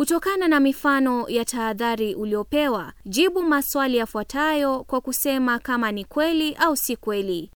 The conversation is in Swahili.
Kutokana na mifano ya tahadhari uliopewa, jibu maswali yafuatayo kwa kusema kama ni kweli au si kweli.